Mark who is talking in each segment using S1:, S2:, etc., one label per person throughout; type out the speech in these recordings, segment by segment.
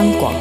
S1: 香港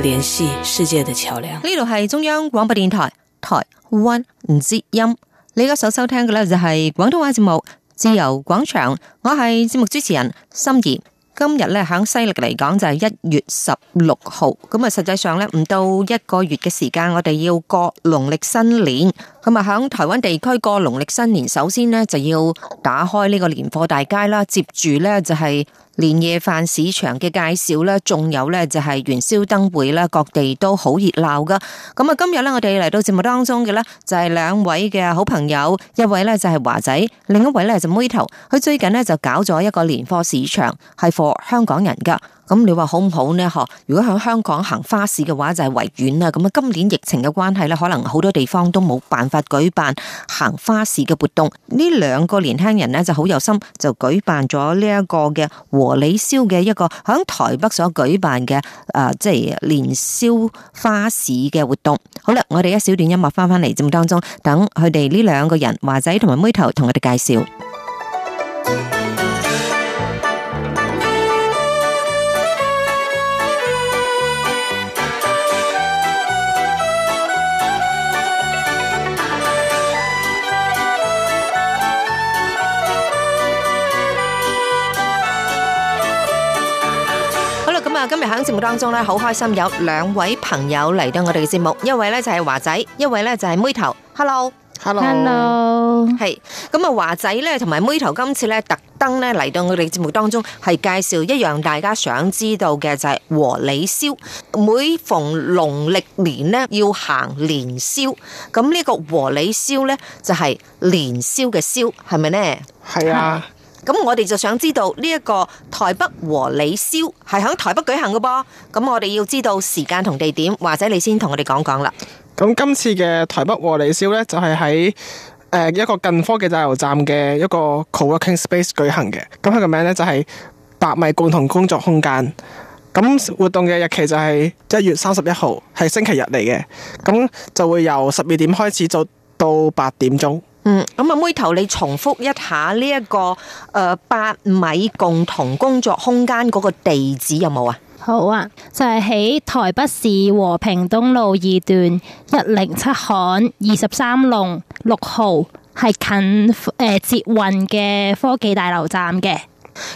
S1: 聯繫世界的橋樑，呢度係中央廣播電台台灣之音。你而家所收聽嘅呢，就係廣東話節目《自由廣場》，我係節目主持人心怡。今日咧響西曆嚟講就係一月十六號，咁啊實際上咧唔到一個月嘅時間，我哋要過農曆新年。咁啊響台灣地區過農曆新年，首先呢，就要打開呢個年貨大街啦，接住咧就係、是。年夜飯市場嘅介紹呢，仲有呢就係元宵燈會呢，各地都好熱鬧噶咁啊，今日呢，我哋嚟到節目當中嘅呢，就係兩位嘅好朋友，一位呢就係華仔，另一位呢就係妹頭，佢最近呢就搞咗一個年貨市場，係 for 香港人噶咁你話好唔好呢？如果喺香港行花市嘅話就維園，就係維園啦。咁啊，今年疫情嘅關係咧，可能好多地方都冇辦法舉辦行花市嘅活動。呢兩個年輕人咧就好有心，就舉辦咗呢一個嘅和你宵嘅一個喺台北所舉辦嘅誒、呃，即係年宵花市嘅活動。好啦，我哋一小段音樂翻翻嚟節目當中，等佢哋呢兩個人華仔同埋妹頭同我哋介紹。今日喺節目當中咧，好開心有兩位朋友嚟到我哋嘅節目，一位咧就係華仔，一位咧就係妹頭。Hello，Hello，Hello，係咁啊！華仔咧同埋妹頭，今次咧特登咧嚟到我哋節目當中，係介紹一樣大家想知道嘅就係和你宵。每逢農曆年咧要行年宵，咁呢個和你宵咧就係年宵嘅宵，係咪咧？係啊。咁我哋就想知道呢一個台北和李蕭係喺台北舉行嘅噃，咁我哋要知道時間同地點，或者你先同我哋講講
S2: 啦。咁今次嘅台北和李蕭呢，就係、是、喺一個近科技加油站嘅一個 co-working space 舉行嘅，咁佢個名呢，就係、是、百米共同工作空間。咁活動嘅日期就係一月三十一號，係星期日嚟嘅，咁就會由十二點開始做到八點鐘。
S1: 嗯，咁啊，妹頭，你重複一下呢、這、一個誒、呃、八米共同工作空間嗰個地址有冇啊？
S3: 好啊，就係、是、喺台北市和平東路二段一零七巷二十三弄六號，係近誒、呃、捷運嘅科技大樓站嘅。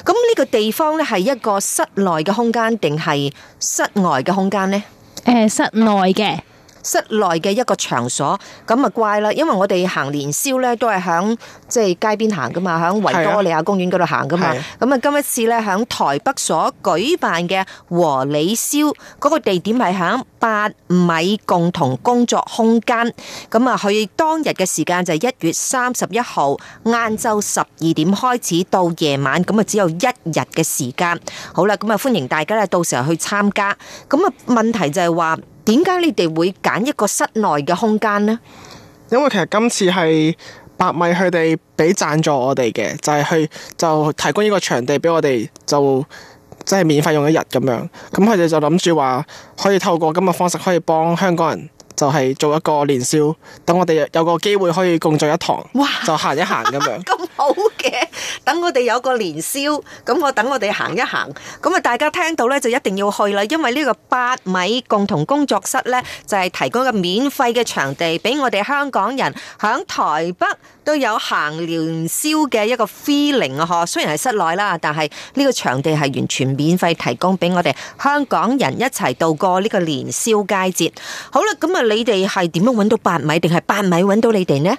S1: 咁呢個地方咧係一個室內嘅空間定係室外嘅空間呢？誒、呃，室內嘅。室內嘅一個場所，咁啊怪啦，因為我哋行年宵呢都係響即係街邊行噶嘛，響維多利亞公園嗰度行噶嘛，咁是啊今一次呢，響台北所舉辦嘅和你宵嗰、嗰個地點係響八米共同工作空間，咁啊去當日嘅時間就係一月三十一號晏晝十二點開始到夜晚，咁啊只有一日嘅時間。好啦，咁啊歡迎大家咧到時候去參加，咁啊問題就係話。點解你哋會揀
S2: 一個室內嘅空間呢？因為其實今次係八米佢哋俾贊助我哋嘅，就係、佢、去就提供呢個場地俾我哋，就即係免費用一日咁樣。咁佢哋就諗住話可以透過咁嘅方式，可以幫香港人。就係做一個年宵，等我哋有個機會可以共聚一堂，哇就行一行咁樣。
S1: 咁 好嘅，等我哋有個年宵，咁我等我哋行一行。咁啊，大家聽到呢，就一定要去啦，因為呢個八米共同工作室呢，就係提供個免費嘅場地俾我哋香港人響台北。都有行年宵嘅一個 feeling 雖然係室內啦，但係呢個場地係完全免費提供俾我哋香港人一齊度過呢個年宵佳節。好啦，咁啊，你哋係點樣揾到八米，定係八米揾到你哋呢？誒。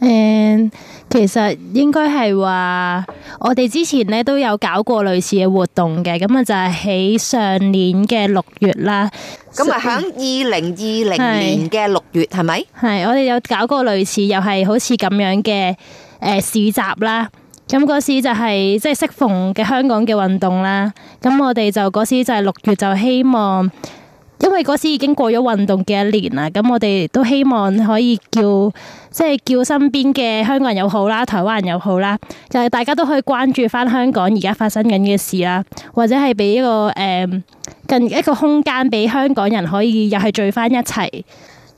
S1: 嗯其實
S3: 應該係話，我哋之前咧都有搞過類似嘅活動嘅，咁啊就係喺上年嘅六月啦。咁啊喺二
S1: 零二零年嘅六月係咪？
S3: 係我哋有搞過類似又係好似咁樣嘅誒市集啦。咁嗰時就係即係適逢嘅香港嘅運動啦。咁我哋就嗰時就係六月就希望。因為嗰時已經過咗運動嘅一年啦，咁我哋都希望可以叫，即係叫身邊嘅香港人又好啦，台灣人又好啦，就係大家都可以關注翻香港而家發生緊嘅事啦，或者係俾一個誒、嗯，近一個空間俾香港人可以又係聚翻一齊。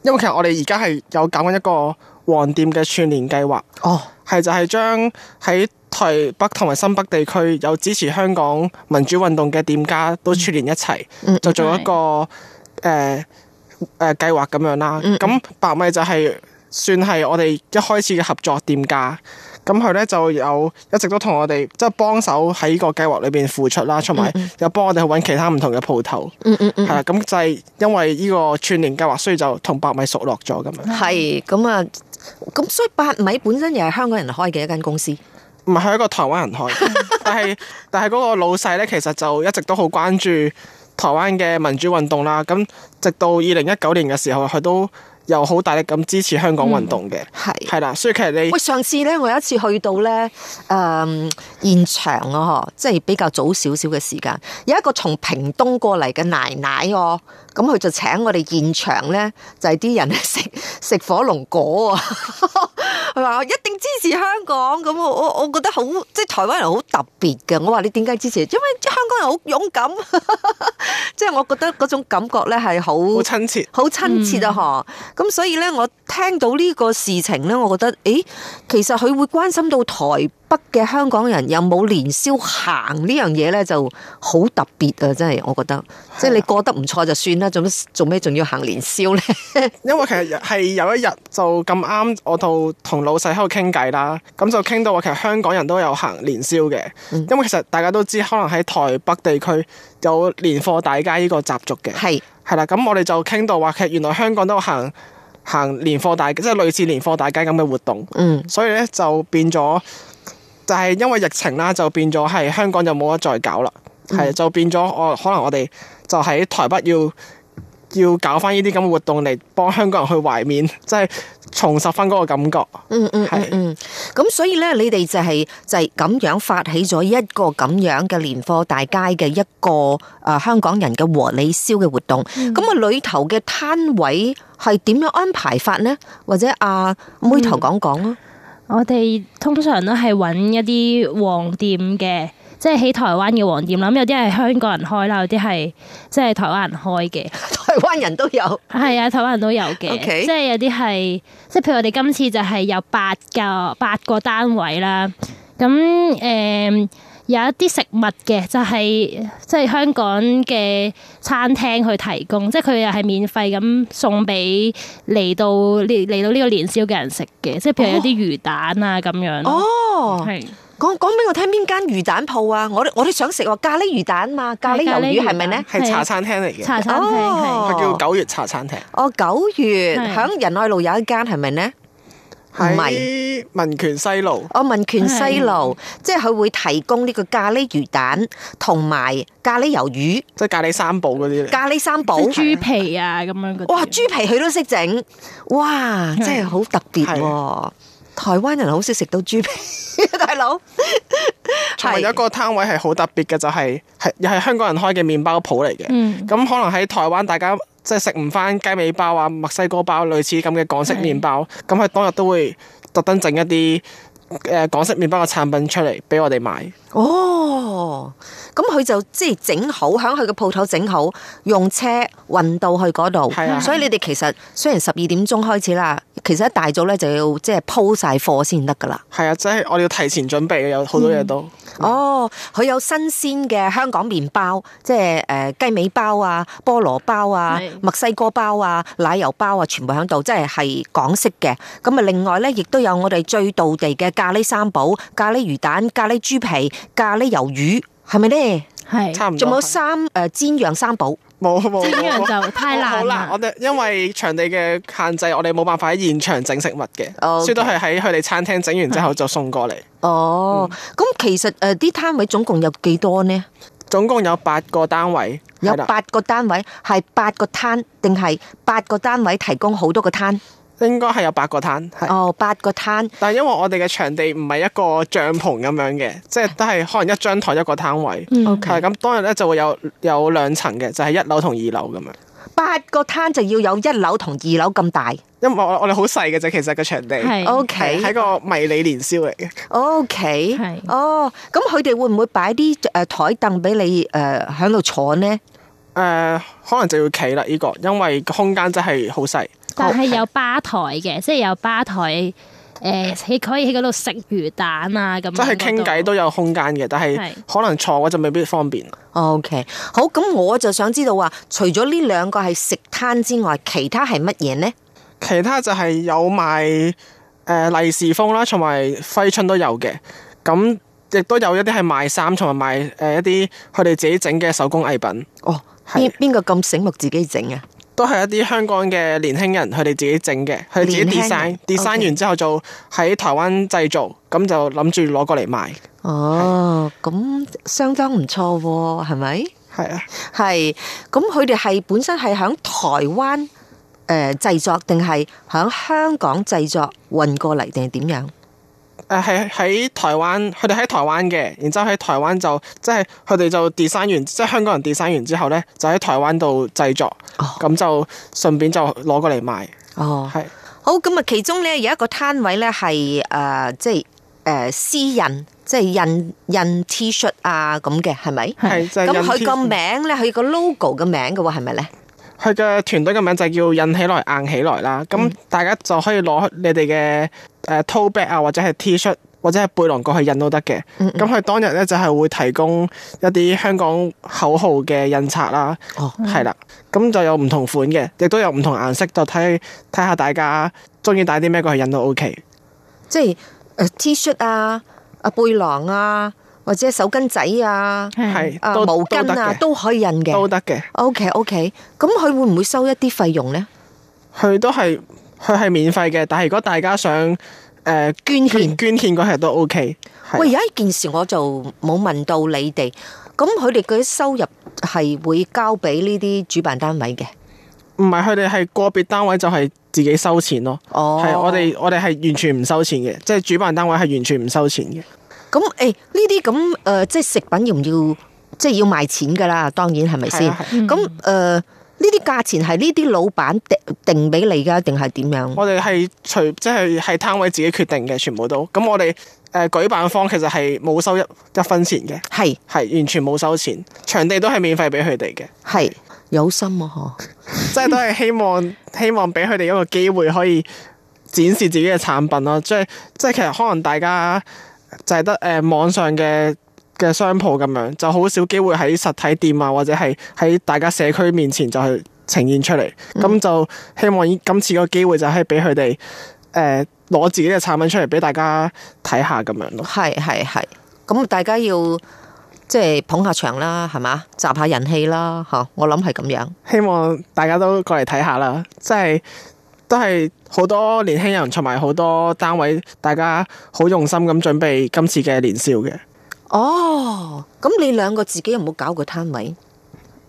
S2: 因為其實我哋而家係有搞緊一個黃店嘅串連計劃。哦，係就係將喺台北同埋新北地區有支持香港民主運動嘅店家都串連一齊，嗯嗯、就做一個。誒誒，計劃咁樣啦，咁、嗯嗯、八米就係、是、算係我哋一開始嘅合作店家，咁佢咧就有一直都同我哋即係幫手喺呢個計劃裏邊付出啦，同埋又幫我哋去搵其他唔同嘅鋪頭，係啦、嗯嗯嗯嗯，咁就係因為呢個串連計劃，所以就同八米熟落咗咁樣。
S1: 係，咁啊，咁所以八米本身又係香港人開嘅一間公司，
S2: 唔係佢一個台灣人開 但，但係但係嗰個老細咧，其實就一直都好關注。台灣嘅民主運動啦，咁直到二零一九年嘅時候，佢都又好大力咁支持香港運動嘅，係係啦。所以其實你，喂，
S1: 上次咧，我有一次去到咧誒、呃、現場啊，呵，即係比較早少少嘅時間，有一個從屏東過嚟嘅奶奶喎、哦。咁佢就請我哋現場咧，就係、是、啲人食食火龍果啊！佢 話一定支持香港，咁我我我覺得好，即係台灣人好特別嘅。我話你點解支持？因為香港人好勇敢，即 係我覺得嗰種感覺咧係好好親切，好親切啊！嗬、嗯，咁所以咧，我聽到呢個事情咧，我覺得，誒、欸，其實佢會關心到台北嘅香港人有冇年宵行呢樣嘢呢？就好特別啊！真係，我覺得、啊、即係你過得唔錯就算啦，做咩做咩仲要行年宵呢？
S2: 因為其實係有一日就咁啱，我到同老細喺度傾偈啦，咁就傾到話其實香港人都有行年宵嘅，嗯、因為其實大家都知可能喺台北地區有年貨大街呢個習俗嘅，係係啦。咁、啊、我哋就傾到話其實原來香港都有行行年貨大，即係類似年貨大街咁嘅活動。嗯，所以呢，就變咗。就係因為疫情啦，就變咗係香港就冇得再搞啦，係、嗯、就變咗我可能我哋就喺台北要要搞翻呢啲咁嘅活動嚟幫香港人去懷緬，即、就、係、是、重拾翻嗰個感覺。嗯嗯
S1: 係嗯。咁、嗯嗯嗯、是所以咧，你哋就係、是、就係、是、咁樣發起咗一個咁樣嘅年貨大街嘅一個誒、啊、香港人嘅和你宵嘅活動。咁啊裏頭嘅攤位係點樣安排法呢？或者阿、啊、妹頭講講啊？嗯我哋通
S3: 常都係揾一啲黃店嘅，即係喺台灣嘅黃店啦。咁有啲係香港人開啦，有啲係即係台灣人開嘅。台灣人都有，係 啊，台灣人都有嘅 Okay.。即係有啲係，即係譬如我哋今次就係有八個八個單位啦。咁誒。嗯有一啲食物嘅，就係即係香港嘅餐廳去提供，即係佢又係免費咁送俾嚟到嚟到呢個年宵嘅人食嘅，即係譬如有啲魚蛋啊咁樣。哦，係係。
S1: 講講俾我聽邊間魚蛋鋪啊？我我都想食咖喱魚蛋嘛，咖喱魷魚係咪咧？係茶餐廳嚟嘅。茶餐廳係。係、哦、係叫
S2: 九月茶餐廳。
S1: 哦，九月響係仁愛路有一間係咪咧？係
S2: 喺民權西路，
S1: 哦，民權西路，的即係佢會提供呢個咖喱魚蛋，同埋咖喱魷魚，即係咖喱三寶嗰啲，咖喱三寶、豬皮啊咁樣。哇，豬皮佢都識整，哇，真係好特別。台灣人好少食到豬皮，大 佬
S2: 的。仲有 一個攤位係好特別嘅，就係係又係香港人開嘅麵包鋪嚟嘅。嗯，咁可能喺台灣大家。即係食唔返雞尾包啊、墨西哥包類似咁嘅港式麵包，咁佢、嗯、當日都會特登整一啲誒、呃、港式麵包嘅產品出嚟俾我哋買。
S1: 哦。咁佢就即係整好，喺佢個鋪頭整好，用車運到去嗰度。係啊，所以你哋其實雖然十二點鐘開始啦，其實一大早咧就要即係鋪晒貨先得噶啦。係啊，即係
S2: 我哋要提前準備，有好多嘢都。
S1: 哦，佢有新鮮嘅香港麵包，即係誒雞尾包啊、菠蘿包啊、墨西哥包啊、奶油包啊，全部喺度，即係係港式嘅。咁啊，另外咧，亦都有我哋最道地嘅咖喱三寶、咖喱魚蛋、咖喱豬皮、咖喱魷魚。係咪咧？係差唔多。仲冇三誒是、呃、煎羊三寶？冇冇煎羊就太難。好難，
S2: 我哋因為場地嘅限制，我哋冇辦法喺現場整食物嘅，所以都係喺佢哋餐廳整完之後就送過嚟。
S1: 哦，咁、嗯、其實誒，啲、呃、攤位總共有幾多呢？總共有八個單位，有八個單位係八個攤，定係八個單位提供
S2: 好多個攤？應該係有八個攤，哦，八個攤。但係因為我哋嘅場地唔係一個帳篷咁樣嘅，即、就、係、是、都係可能一張台一個攤位。嗯，O K。咁、嗯 okay. 當日咧、嗯、就會有有兩層嘅，就係、是、一樓同二樓咁樣。
S1: 八個攤就要有一樓同二樓咁大？
S2: 因為我哋好細嘅啫，其實個場地係喺 個迷你年宵嚟嘅。
S1: O K，係。哦、呃，咁佢哋會唔會擺啲誒台凳俾你誒喺
S2: 度坐呢？誒、 嗯呃，可能就要企啦呢個，因為個空間真係好細。但係有
S3: 吧台嘅，Okay. 即係有吧台，誒、呃，你可以喺嗰度食魚
S1: 蛋啊，
S3: 咁。即係傾偈
S2: 都有空間嘅，但係可能坐我就未必方便。OK，
S1: 好，咁我就想知道話，除咗呢兩個係食攤之外，其他係乜嘢呢？
S2: 其他就係有賣誒利是封啦，同埋揮春都有嘅。咁亦都有一啲係賣衫，同埋賣誒一啲佢哋自己整嘅手工藝品。哦，邊邊個咁醒目自己整啊？都係一啲香港嘅年輕人，佢哋自己整嘅，佢自己 design，design、okay. design 完之後就喺台灣製造，咁就諗住攞過嚟賣。
S1: 哦，咁是相當唔錯喎，係咪？係啊，係。咁佢哋係本身係響台灣誒、呃、製作，定係響香港製作運過嚟定係點樣？
S2: 誒，係喺台灣，佢哋喺台灣嘅，然之後喺台灣就即係佢哋就 design 完，即係香港人 design 完之後咧，就喺台灣度製作，咁、oh. 就順便就攞過嚟賣。
S1: 哦、oh. 是，係好，咁啊，其中咧有一個攤位咧係誒，即係誒、呃，私印，即係印印 T 恤啊咁嘅，係咪？係，咁佢個名咧，佢個 logo 嘅名嘅話係咪咧？是
S2: 佢嘅團隊嘅名就叫印起來硬起來啦，咁、嗯、大家就可以攞你哋嘅誒 T 恤啊，或者係 T s h i r t 或者係背囊過去印都得嘅。咁佢、嗯嗯、當日咧就係會提供一啲香港口號嘅印刷啦，哦，係啦，咁就有唔同款嘅，亦都有唔同顏色，就睇睇下大家中意帶啲咩過去印都 OK。即係誒、
S1: 呃、T 恤啊，
S2: 阿、呃、背囊啊。或者手巾仔啊，係毛巾啊都可，
S1: 都可以印嘅，都得嘅。OK，OK，咁佢會唔會收一啲費用呢？
S2: 佢都係佢係免費嘅，但係如果大家想、呃、捐獻捐，捐獻嗰日都 OK。喂，有一件事我就冇問到你哋，咁佢哋嗰啲收入
S1: 係會交俾呢啲主辦單位嘅？
S2: 唔係，佢哋係個別單位就係自己收錢咯。哦，係我哋我哋係完全唔收錢嘅，即係主辦單位係完全唔收錢嘅。
S1: 咁誒，呢啲咁誒，即係食品要唔要，即係要賣錢噶啦？當然係咪先？咁誒，呢啲價錢係呢啲老闆定定俾你噶，定係點樣？我
S2: 哋係隨即係係攤位自己決定嘅，全部都。咁我哋誒、呃、舉辦方其實係冇收一一分錢嘅，係係是完全冇收錢，場地都係免費俾佢哋嘅，係是
S1: 是有心啊！嗬，
S2: 即係都係希望希望俾佢哋一個機會可以展示自己嘅產品囉。即係即係，其實可能大家。就係得誒、呃、網上嘅嘅商鋪咁樣，就好少機會喺實體店啊，或者係喺大家社區面前就係呈現出嚟。咁、嗯、就希望今次個機會就係俾佢哋誒攞自己嘅產品出嚟俾大家睇下咁樣咯。係係係。咁大家要即係、就是、捧下場啦，係嘛？集下人氣啦，嚇！我諗係咁樣。希望大家都過嚟睇下啦，即係。都係好多年輕人，同埋好多單位，大家好用心咁準備今次嘅年宵嘅。
S1: 哦，咁你兩個自己有冇搞過攤位？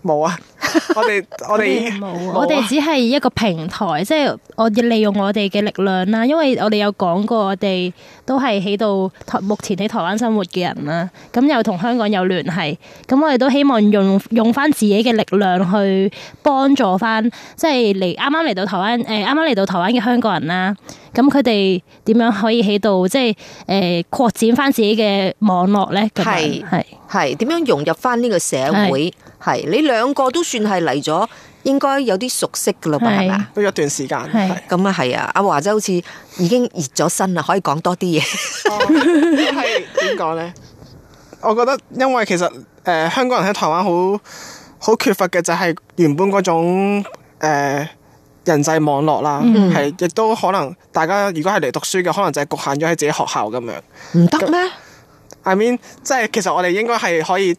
S2: 冇啊。 我哋我哋，我哋 只
S1: 係一個平台，即係
S3: 我要利用我哋嘅力量啦。因為我哋有講過，我哋都係喺度台目前喺台灣生活嘅人啦。咁又同香港有聯繫，咁我哋都希望用用翻自己嘅力量去幫助翻，即係嚟啱啱嚟到台灣誒，啱啱嚟到台灣嘅香港人啦。咁佢哋點樣可以喺度即係誒擴
S1: 展翻自己嘅網絡咧？係係係點樣融入翻呢個社會？係是你兩個都。算係嚟咗，應該有啲熟悉噶啦，係嘛的？都吧一段時間，咁啊係啊！阿華仔好似已經熱咗身啦，可以講多啲嘢。
S2: 係點講咧？我覺得，因為其實誒、呃，香港人喺台灣好好缺乏嘅就係原本嗰種誒、呃、人際網絡啦，係亦、mm hmm. 都可能大家如果係嚟讀書嘅，可能就係局限咗喺自己學校咁樣。
S4: 唔得咩
S2: ？I mean，即係其實我哋應該係可以。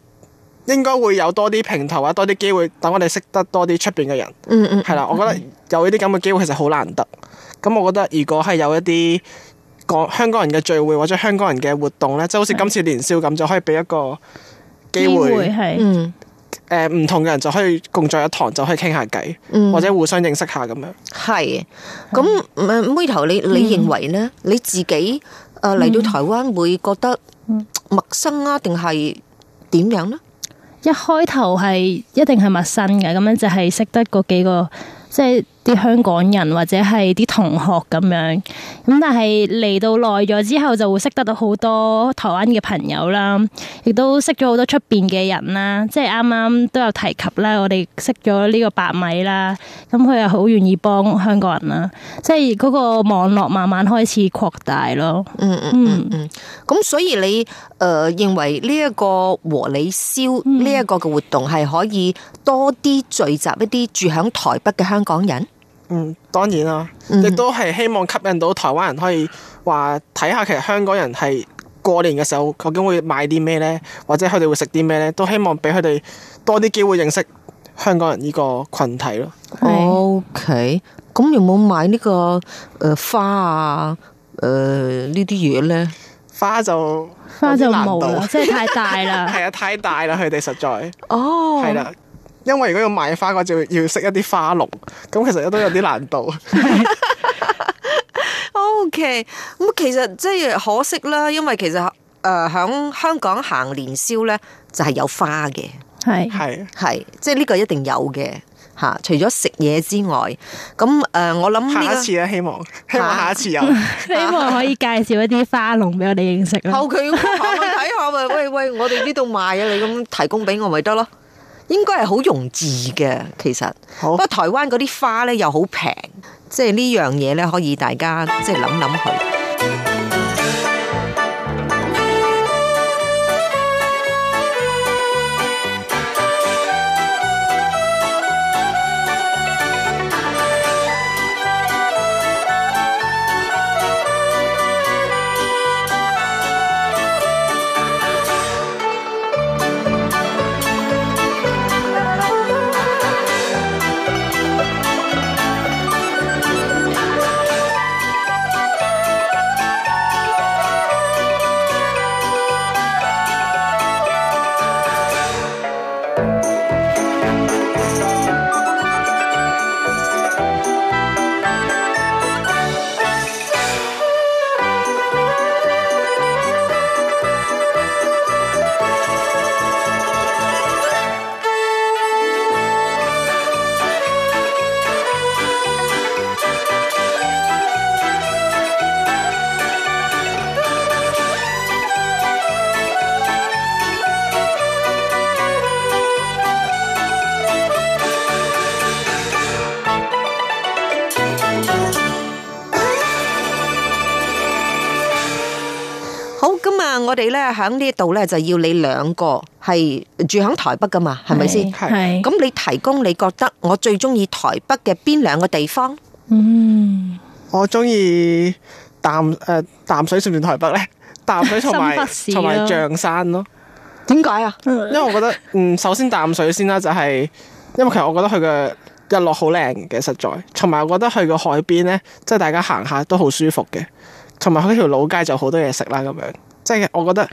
S2: 應該會有多啲平台或多啲機會，等我哋識得多啲出邊嘅人。嗯嗯，係啦，我覺得有呢啲咁嘅機會其實好難得。咁，我覺得如果係有一啲港香港人嘅聚會或者香港人嘅活動咧，即係好似今次年宵咁，是就可以俾一個機會係，誒，唔、嗯呃、同嘅人就可以共聚一堂，就可以傾下偈，嗯、或者互相認識下咁樣。
S1: 係是，咁誒、嗯，妹頭，你你認為咧？嗯、你自己誒嚟、呃、到台灣會覺得陌生啊，定係點樣呢？一開頭係
S3: 一定係陌生嘅，咁樣就係識得嗰幾個即係。就是啲香港人或者係啲同學咁樣，咁但係嚟到耐咗之後，就會識得到好多台灣嘅朋友啦，亦都識咗好多出邊嘅人啦。即係啱啱都有提及啦，我哋識咗呢個白米啦，咁佢又好願意幫香港人啦。即係嗰個網絡慢慢開始擴大咯。嗯嗯嗯嗯，
S1: 咁、嗯、所以你誒、呃、認為呢一個和你宵呢一個嘅活動係可以多啲聚集一啲住喺台北嘅香港人？嗯，當然啦，
S2: 亦都係希望吸引到台灣人可以話睇下，看看其實香港人係過年嘅時候究竟會買啲咩呢？或者佢哋會食啲咩呢？都希望俾佢哋多啲機會認識香港人呢個群體咯。
S1: OK，咁有冇買呢、呢個誒、呃、花啊？誒呢啲嘢呢？花就花
S3: 就冇道即係太大啦。
S2: 係啊， 太大啦，佢哋實在。哦、
S1: oh.，
S3: 係啦。
S2: 因為如果要賣花嘅就要識一啲花農，咁其實都有啲難度。
S1: OK，咁其實即係可惜啦，因為其實誒喺、呃、香港行年宵咧，就係、是、有花嘅，係係係，即係呢個一定有嘅吓、啊。除咗食嘢之外，咁誒、呃，我諗、這個、下一次咧、啊，希望希望下一次有，
S3: 啊、 希望可以介紹一啲花農俾我哋認識。啊、後期
S1: 行去睇下嘛，喂喂，我哋呢度賣啊，你咁提供俾我咪得咯。應該係好容易嘅，其實好不過台灣嗰啲花咧又好平，即係呢樣嘢咧，可以大家即係諗諗佢。我哋咧喺呢度咧，就要你兩個係住喺台北噶嘛，係咪先？係咁吧，你提供你覺得我最中意台北嘅邊兩個地方？
S2: 嗯，我中意淡誒、呃、淡水算唔算台北咧？淡水同埋同埋象山咯。點解啊？因為我覺得嗯，首先淡水先啦，就係、是、因為其實我覺得佢嘅日落好靚嘅，實在同埋我覺得去個海邊咧，即係大家行下都好舒服嘅，同埋佢條老街就好多嘢食啦，咁樣。即係我覺得，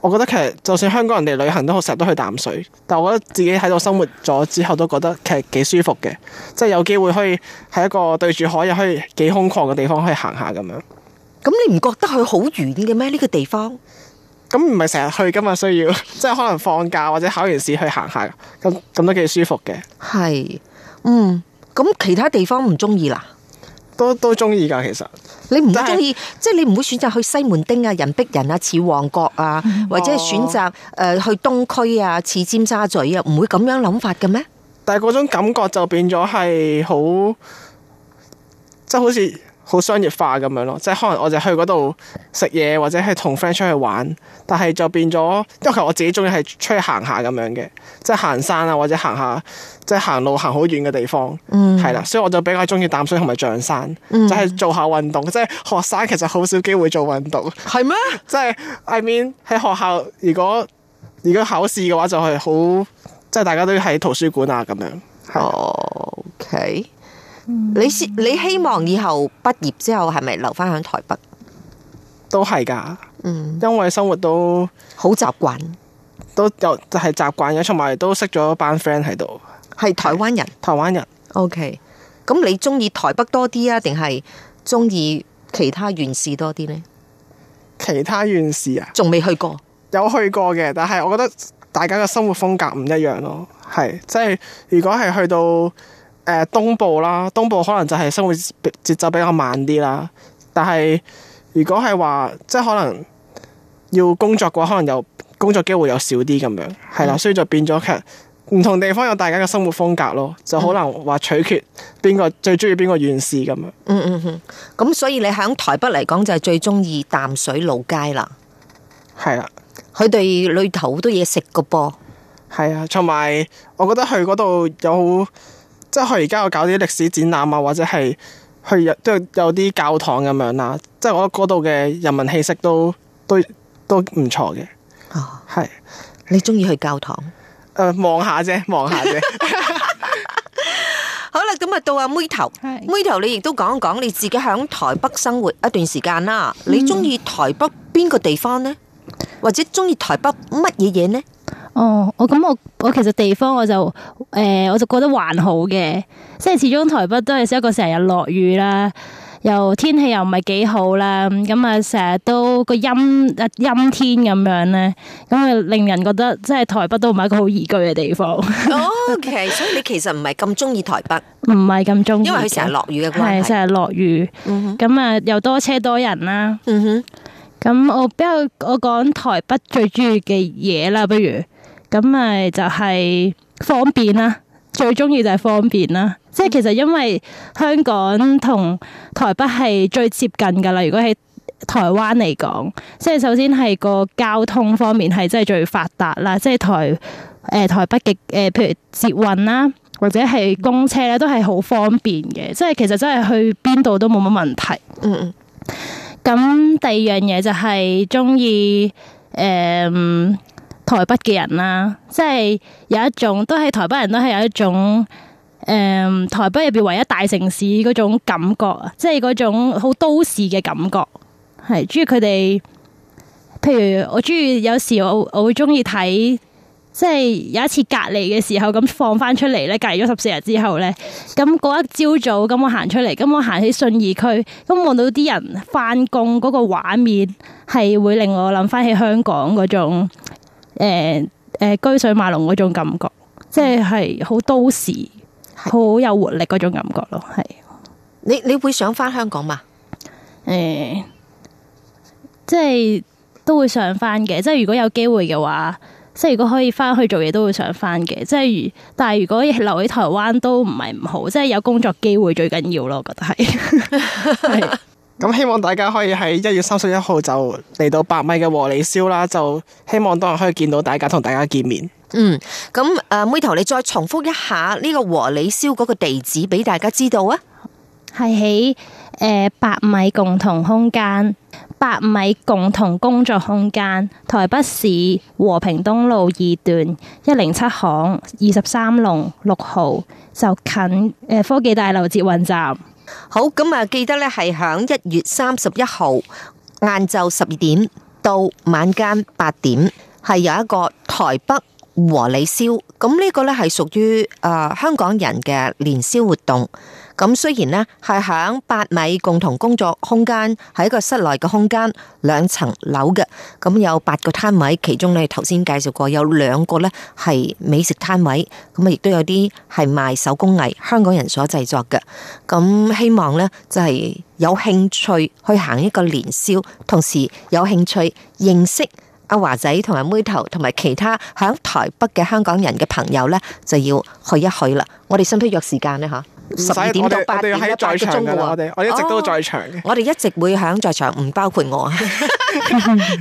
S2: 我覺得其實就算香港人哋旅行都好，成日都去淡水，但我覺得自己喺度生活咗之後，都覺得其實幾舒服嘅。即係有機會可以喺一個對住海又可以幾空曠嘅地方可以行下咁樣。咁你唔覺得佢好遠嘅咩？呢個地方咁唔係成日去，今日需要即係可能放假或者考完試去行下，咁咁都幾舒服嘅。
S1: 係，嗯，咁其他地方唔中意啦，都都中意噶其實。你唔會中意，是即係你唔會選擇去西門町啊、人逼人啊、似旺角啊，或者係選擇誒、哦呃、去東區啊、似尖沙咀啊，唔會咁樣諗
S2: 法嘅咩？但係嗰種感覺就變咗係好，即係好似。好商業化咁樣咯，即係可能我就去嗰度食嘢，或者係同 friend 出去玩，但係就變咗，因為其實我自己中意係出去行下咁樣嘅，即係行山啊，或者行下即係行路行好遠嘅地方，係啦、嗯，所以我就比較中意淡水同埋象山，嗯、就係做下運動。即係學生其實好少機會做運動，係咩嗎？即係 I mean 喺學校，如果如果考試嘅話，就係好，即係大家都喺圖書館啊咁樣。O K。Okay. 你希你希望以後畢業之後係咪留翻喺台北？都係噶，嗯，因為生活都好習慣，習慣都有係習慣嘅，同埋都識咗班 friend 喺度，係台灣人，台灣人。O K，咁你中意台北多啲啊，定係中意其他縣市多啲呢？其他縣市啊，仲未去過，有去過嘅，但係我覺得大家嘅生活風格唔一樣咯，係即係如果係去到。誒，東部啦，東部可能就係生活節奏比較慢啲啦。但係如果係話，即係可能要工作嘅話，可能又工作機會又少啲咁樣，係啦。嗯、所以就變咗其實唔同地方有大家嘅生活風格咯，就可能話取決邊個、嗯、最中意邊個縣市咁樣。嗯
S1: 嗯，咁、嗯嗯、所以你喺台北嚟講就係最中意淡水老街啦。
S2: 係啦的，佢哋裏頭好多嘢食噶噃。係啊，同埋我覺得去嗰度有好。即係佢而家有搞啲歷史展覽啊，或者係去即係有啲教堂咁樣啦。即係我覺得嗰度嘅人民氣息都都都唔錯嘅。
S1: 哦，係是你中意去教堂？誒、呃，望下啫，望下啫。好啦，咁啊，到阿妹頭，Hi. 妹頭，你亦都講一講你自己喺台北生活一段時間啦。Hmm. 你中意台北邊個地方呢？或者中意台北乜嘢嘢呢？
S3: 哦，我咁我我其實地方我就誒、呃，我就覺得還好嘅，即係始終台北都係一個成日落雨啦，又天氣又唔係幾好啦，咁啊成日都個陰啊陰天咁樣咧，咁啊令人覺得即係台北都唔係一個好宜居嘅地方。哦
S1: ，okay，所以你其實唔係咁中意台北，
S3: 唔係咁中意，因為佢成日落雨嘅關係，成日落雨，咁啊、mm hmm. 又多車多人啦。咁、mm hmm. 我比較我講台北最中意嘅嘢啦，不如。咁咪就係方便啦，最中意就係方便啦。即係其實因為香港同台北係最接近噶啦。如果喺台灣嚟講，即係首先係個交通方面係真係最發達啦。即係台誒、呃、台北嘅，誒、呃，譬如捷運啦，或者係公車咧，都係好方便嘅。即係其實真係去邊度都冇乜問題。嗯嗯。咁第二樣嘢就係中意誒。呃台北嘅人啦，即係有一種，都係台北人都係有一種，誒、嗯，台北入邊唯一大城市嗰種感覺啊，即係嗰種好都市嘅感覺，係中意佢哋。譬如我中意，有時我我會中意睇，即係有一次隔離嘅時候咁放翻出嚟咧，隔離咗十四日之後咧，咁嗰一朝早咁我行出嚟，咁我行喺信義區，咁我望到啲人翻工嗰個畫面，係會令我諗翻起香港嗰種。誒誒，車水馬龍嗰種感覺，即係係好都市，好是有活力嗰種感覺咯。係你你會想翻香港嘛？誒、呃，即係都會想翻嘅，即係如果有機會嘅話，即係如果可以翻去做嘢，都會想翻嘅。即係但係如果留喺台灣都唔係唔好，即係有工作機會最緊要咯。我覺得係。
S2: 咁希望大家可以喺一月三十一號就嚟到八米嘅和你宵啦，就希望當日可以見到大家同大家見面。嗯，咁誒，妹頭你再
S1: 重複一下呢個和你宵嗰個地址俾大家知道啊？係喺
S3: 誒八米共同空間，八米共同工作空間，台北市和平東路二段一零七巷二十三
S1: 弄六號，就近誒科技大樓捷運站。好咁啊，記得咧，係響一月三十一號晏晝十二點到晚間八點，係有一個台北和你宵。咁呢個咧，係屬於誒香港人嘅年宵活動。咁雖然呢係響八米共同工作空間，係一個室內嘅空間，兩層樓嘅咁有八個攤位，其中呢頭先介紹過有兩個呢係美食攤位，咁啊亦都有啲係賣手工藝，香港人所製作嘅。咁希望呢就係、是、有興趣去行一個年宵，同時有興趣認識阿華仔同埋妹頭，同埋其他響台北嘅香港人嘅朋友呢，就要去一去啦。我哋使唔使約時間呢。吓。十二點到八點，我哋我哋喺在場噶，我哋我一直都在場。我哋一直會響在場，唔包括我。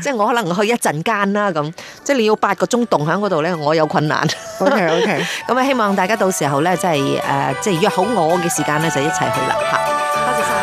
S1: 即係我可能去一陣間啦，咁即係你要八個鐘動喺嗰度咧，我有困難。OK OK，咁啊，希望大家到時候咧，即係誒、呃，即係約好我嘅時間咧，就一齊去啦吓。多謝晒。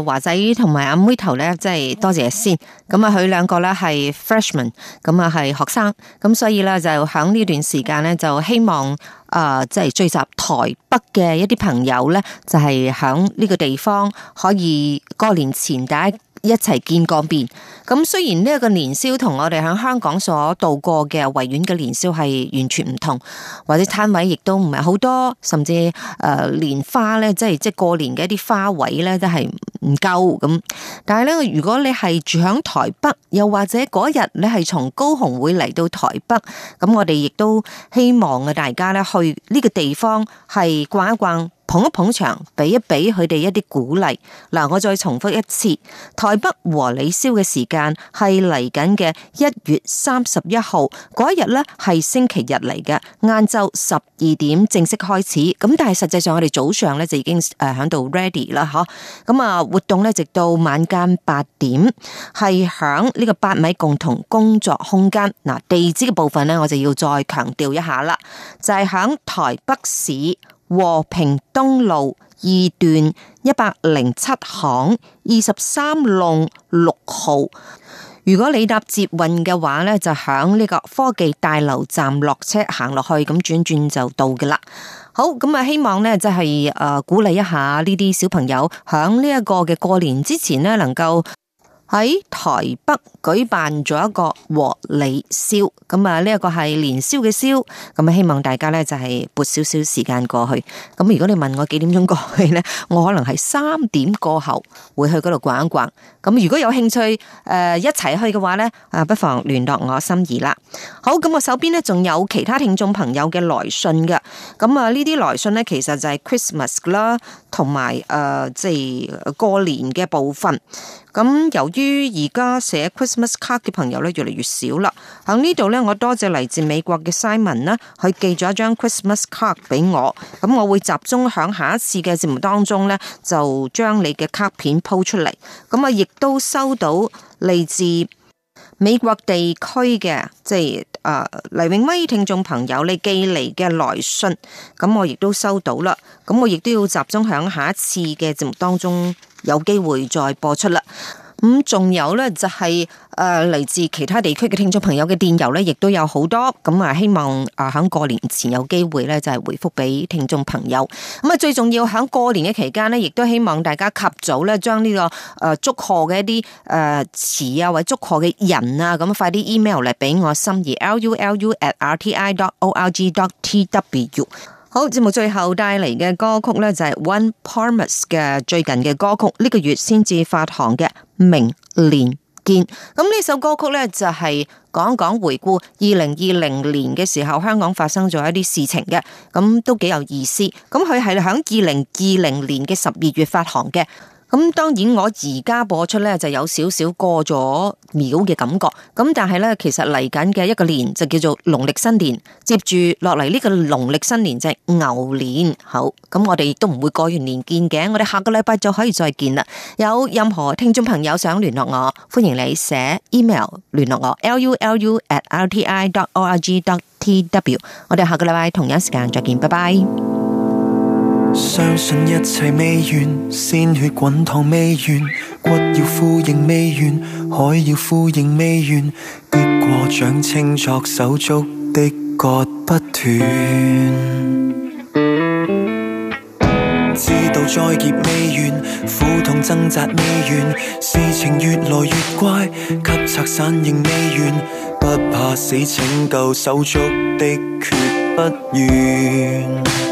S1: 誒，華仔同埋阿妹頭咧，真係多謝先。咁啊，佢兩個咧係 freshman，咁啊係學生，咁所以咧就響呢段時間咧，就希望誒，即係聚集台北嘅一啲朋友咧，就係響呢個地方可以過年前第一。一齊見過面。咁雖然呢一個年宵同我哋喺香港所度過嘅維園嘅年宵係完全唔同，或者攤位亦都唔係好多，甚至誒年、呃、花咧，即係即係過年嘅一啲花位咧都係唔夠咁。但係咧，如果你係住喺台北，又或者嗰日你係從高雄會嚟到台北，咁我哋亦都希望啊大家咧去呢個地方係逛一逛。捧一捧場，俾一俾佢哋一啲鼓勵。嗱，我再重複一次，台北和你宵嘅時間係嚟緊嘅一月三十一號嗰一日咧，係星期日嚟嘅，晏晝十二點正式開始。咁但係實際上我哋早上咧就已經誒喺度 ready 啦，嗬、啊。咁啊活動咧直到晚間八點，係響呢個八米共同工作空間。嗱，地址嘅部分咧，我就要再強調一下啦，就係、是、響台北市。和平東路二段一百零七巷二十三弄六號。如果你搭捷運嘅話呢，就響呢個科技大樓站落車，行落去咁轉轉就到嘅啦。好咁啊，希望呢，即係誒鼓勵一下呢啲小朋友，響呢一個嘅過年之前呢，能夠。喺台北舉辦咗一個和你宵，咁啊呢一個係年宵嘅宵，咁希望大家咧就係撥少少時間過去，咁如果你問我幾點鐘過去咧，我可能係三點過後會去嗰度逛一逛。咁如果有興趣誒、呃、一齊去嘅話咧，啊，不妨聯絡我心怡啦。好，咁我手邊咧仲有其他聽眾朋友嘅來信嘅。咁啊，呢啲來信咧，其實就係 Christmas 啦，同埋誒即係過年嘅部分。咁、啊、由於而家寫 Christmas card 嘅朋友咧越嚟越少啦，喺呢度咧，我多謝嚟自美國嘅 Simon 啦，佢寄咗一張 Christmas card 俾我。咁、啊、我會集中喺下一次嘅節目當中咧，就將你嘅卡片鋪出嚟。咁啊，亦。都收到嚟自美國地區嘅，即係啊黎永威聽眾朋友你寄嚟嘅來信，咁我亦都收到啦，咁我亦都要集中喺下一次嘅節目當中有機會再播出啦。咁仲、嗯、有咧，就係、是、誒，嚟、呃、自其他地區嘅聽眾朋友嘅電郵咧，亦都有好多。咁、嗯、啊，希望啊，喺過年前有機會咧，就係、是、回覆俾聽眾朋友。咁、嗯、啊，最重要喺過年嘅期間咧，亦都希望大家及早咧，將呢、這個誒、呃、祝賀嘅一啲誒詞啊，或者祝賀嘅人啊，咁、嗯、快啲 email 嚟俾我心儀 lulu at rti dot org dot tw。好，節目最後帶嚟嘅歌曲呢，就係 One Promise 嘅最近嘅歌曲，呢個月先至發行嘅《明年見》。咁呢首歌曲呢，就係講一講回顧二零二零年嘅時候香港發生咗一啲事情嘅，咁都幾有意思。咁佢係響二零二零年嘅十二月發行嘅。咁當然我而家播出咧就有少少過咗秒嘅感覺，咁但係咧其實嚟緊嘅一個年就叫做農曆新年，接住落嚟呢個農曆新年就係牛年。好，咁我哋都唔會過完年見嘅，我哋下個禮拜就可以再見啦。有任何聽眾朋友想聯絡我，歡迎你寫 email 聯絡我 lulu@rti.org.tw。我哋下個禮拜同樣時間再見，拜拜。
S4: 相信一切未完，鮮血滾燙未完，骨要呼應未完，海要呼應未完，跌過掌青作手足的割不斷。知道災劫未完，苦痛掙扎未完，事情越來越乖，給拆散仍未完，不怕死拯救手足的決不願。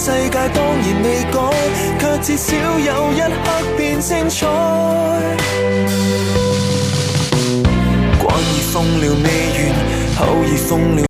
S4: 世界當然未改，卻至少有一刻變精彩。關已封了，未完口已封了。